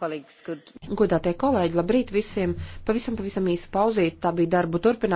Godātie kolēģi, labrīt visiem! Pavisam, pavisam īsa pauzīt, tā bija darbu turpinājums.